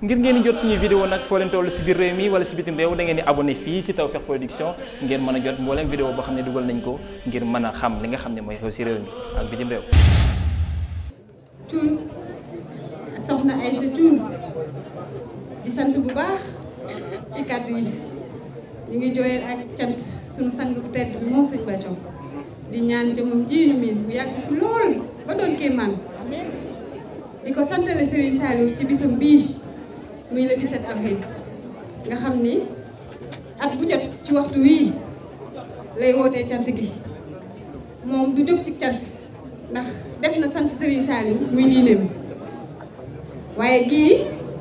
ngir ngeen di jot suñuy vidéo nag foo leen toll si biir réew mi wala si bitim réew da ngeen di abonné fii si Tawfekh Production ngeen mën a jot mbooleem vidéo boo xam ne dugal nañ ko ngir mën a xam li nga xam ne mooy xew si réew mi ak bitim ngi jooyal ak cant suñu sang tedd bi moom sëñ Bacco di ñaan jëmum ji ñu miin bu yàgg lool ba doon kéemaan di ko santale Serigne Saliou ci bisam bii. muy le 17 avril nga xam ni ak bu jot ci waxtu wii lay wootee cant gi moom du jóg ci cant ndax def na sant Serigne Saliou muy diineem waaye gii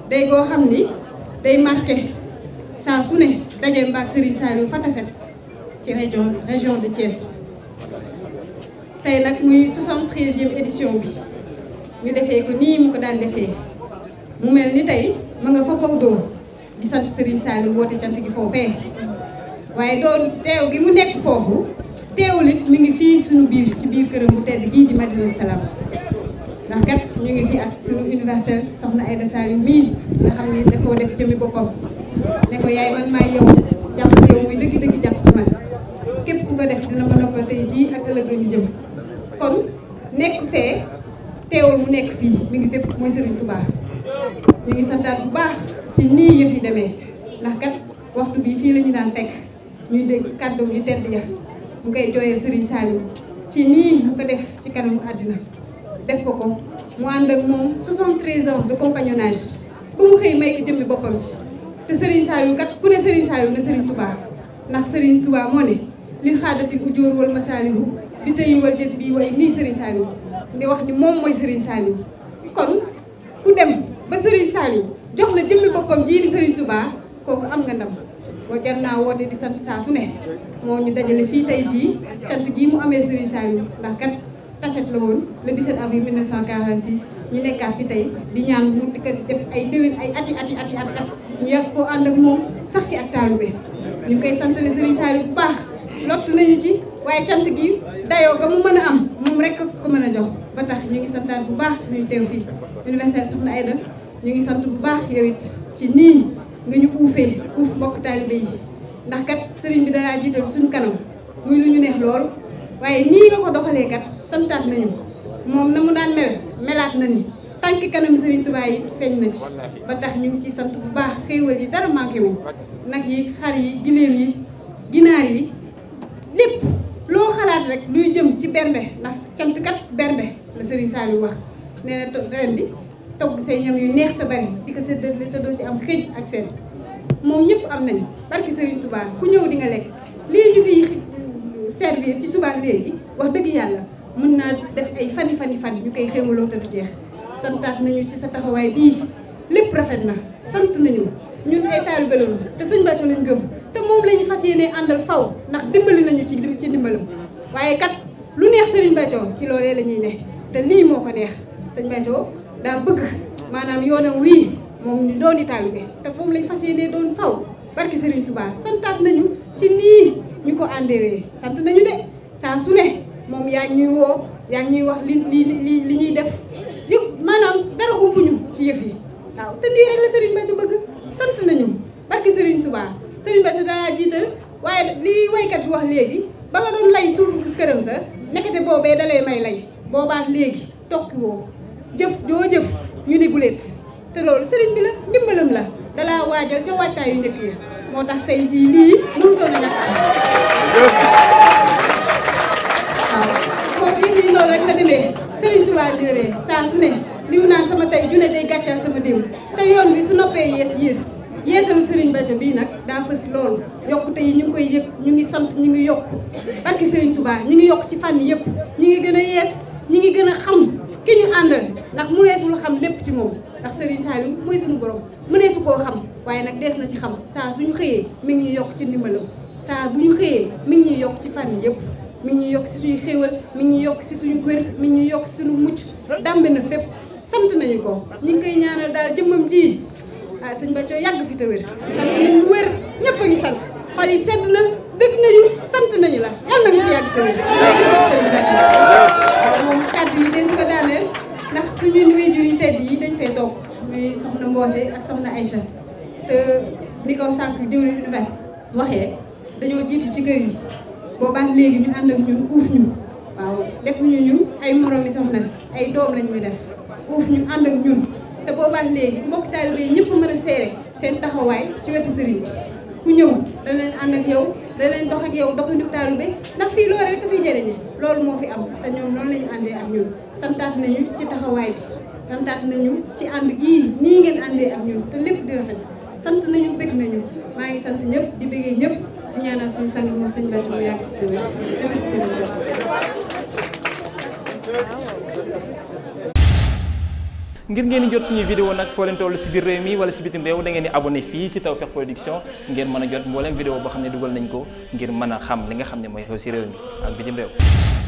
day goo xam ni day marqué saa su ne daje mbaag Serigne Saliou Fataset ci région région de Thiès tey nag muy 73e édition bi ñu defee ko nii mu ko daan defee mu mel ni tey ma nga fa kaw doom di sant Serigne Saliou woote cant gi foofee waaye doon teew gi mu nekk foofu teewul it mi ngi fii suñu biir ci biir këram bu tedd gii di Madina Salaam ndax kat ñu ngi fi ak suñu universel soxna Aïda Saliou mii nga xam ne da koo def jëmi boppam ne ko yaay man maay yow jàpp ci yow muy dëgg-dëgg jàpp ci man képp ku ko def dina a noppal tey jii ak ëllëg ñu jëm kon nekk fee teewul mu nekk fii mu ngi fépp mooy Serigne Touba. ñu ngi santaat bu baax ci nii yëf yi demee ndax kat waxtu bii fii la ñu daan fekk ñuy dégg kàddu yu tedd ya mu koy jooyal Serigne Saliou ci nii mu ko def ci kanamu àddina def ko ko mu ànd ak moom 73 ans de compagnonnage ba mu xëy may ko jëmmi boppam ci te Serigne Saliou kat ku ne Serigne Saliou ne Serigne Touba ndax Serigne Touba moo ne li xaadatil u jóor wal masaalihu bi te tey wal jës bii way nii Serigne Saliou di wax ni moom mooy Serigne Saliou kon ba Serigne Saliou jox la jëmmi boppam jii di Serigne Touba kooku am nga ndam woo jar naa woote di sant saa su ne moo ñu dajale fii tey jii cant gii mu amee Serigne Saliou ndax kat taset la woon am le 17 avril 1946 ñu nekkaat fi tey di ñaan mu di ko def ay déwén ay ati ati at at ñu yàgg koo ànd ak moom sax ci ak taalube ñu koy santale Serigne Saliou bu baax lott nañu ci waaye cant gi dayoo ga mu mën a am moom rek ko mën a jox ba tax ñu ngi santaat bu baax suñu teew fii université Soxna Aïda ñu ngi sant bu baax yow ci nii nga ñu uufee uuf mbokk taalibe yi ndax kat sëriñ bi dalaa jiital suñ kanam muy lu ñu neex lool waaye nii nga ko doxalee kat santaat nañu moom na mu daan mel melaat na ni tànk kanam sëriñ Tuubaa yi feeñ na ci ba tax ñu ngi ci sant bu baax xéewal yi dara manqué wu nag yi xar yi giléem yi ginaar yi lépp loo xalaat rek luy jëm ci bernde ndax cant kat bernde la sëriñ Saliou wax nee na ren togg say ñam yu neex te bari di ko séddale te doo ci am xëcc ak seen moom ñëpp am nañu barki Serigne Touba ku ñëw di nga lekk lii ñu fiy servir ci subaa léegi wax dëgg yàlla mën naa def ay fani fani fan ñu koy xéwaloo te du jeex santaat nañu ci sa taxawaay bii lépp rafet na sant nañu ñun ay taalibe lañu te sëñ Bàcco lañ gëm te moom la ñu fas yéenee àndal faw ndax dimbali nañu ci ci dimbalam waaye kat lu neex Serigne Bàcco ci loolee la ñuy ne te lii moo ko neex sëñ Bàcco daa bëgg maanaam yoonam wii moom ñu dooni taalibe te moom lañ fas yéenee doon faw barki Serigne Touba santaat nañu ci nii ñu ko àndewee sant nañu de saa su ne moom yaa ñuy woo yaa ñuy wax li li li li ñuy def yëpp maanaam dara umpuñu ci yëf yi waaw te nii rek la Serigne Bacca bëgg sant nañu barki Serigne Touba Serigne Bacca daa jiital waaye lii waykat bi wax léegi ba nga doon lay suuf këram sa nekkate boobee dalay may lay boobaat léegi tokki woo jëf joo jëf ñu ni guléet te loolu sëriñ bi la ndimbalam la dalaa waajal ca waajtaay yu njëkk yi moo tax tey jii lii mënutoon a ñàkk waaw kon lii lii loolu rek la demee sëriñ Tuubaa di ree saa su ne li mu naan sama tey june day gàccaal sama déw te yoon bi su noppee yees yees yeesalu Serigne Badio bii nag daa fës lool yokkute yi ñu ngi koy yëg ñu ngi sant ñu ngi yokk barki Serigne Touba ñu ngi yokk ci fànn yëpp ñu ngi gën a yees ñu ngi gën a xam ki ñu àndal ndax mëneesul xam lépp ci moom ndax Serigne Saliou mooy suñu borom mëneesu koo xam waaye nag des na ci xam saa suñu xëyee mi ngi ñu yokk ci ndimbalam saa bu ñu xëyee mi ngi ñu yokk ci fànn yëpp mi ngi ñu yokk si suñu xéewal mi ngi ñu yokk si suñu wér mi ngi ñu yokk si suñu mucc dàmbe na fépp sant nañu ko ñu ngi koy ñaanal daal jëmmam ji ah sëñ Bacco yàgg fi te wér sant nañ lu wér ñëpp a ngi sant xol yi sedd na dëgg nañu sant nañu la yàlla na nga fi yàgg te wér muy soxna Mboose ak soxna Aïcha te ni ko sànq diwlin mbay waxee dañoo jiitu ci kër yi boobaan léegi ñu ànd ak ñun uuf ñu waaw defuñu ñu ay moroomi soxna ay doom lañ ñu def uuf ñu ànd ak ñun te boobaan léegi mbokk taalibe yi ñëpp mën a seere seen taxawaay ci wetu sëriñ bi ku ñëw danañ ànd ak yow danañ dox ak yow doxandu bi ndax fii loolu rek dafay jëriñe loolu moo fi am te ñoom la àndee ak ñun santaat nañu ci taxawaay bi santaat nañu ci ànd gii nii ngeen àndee ak ñun te lépp di rafet sant nañu bëgg nañu maa ngi sant ñëpp di bëggee ñëpp di ñaanal suñu jot suñuy vidéo nag foo leen toll si biir réew mi wala si bitim réew da ngeen di abonné fii si Tawfekh Production ngeen mën a jot mbooleem vidéo boo xam ne dugal nañ ko ngir mën a xam li nga xam ne mooy xew si réew mi ak bitim réew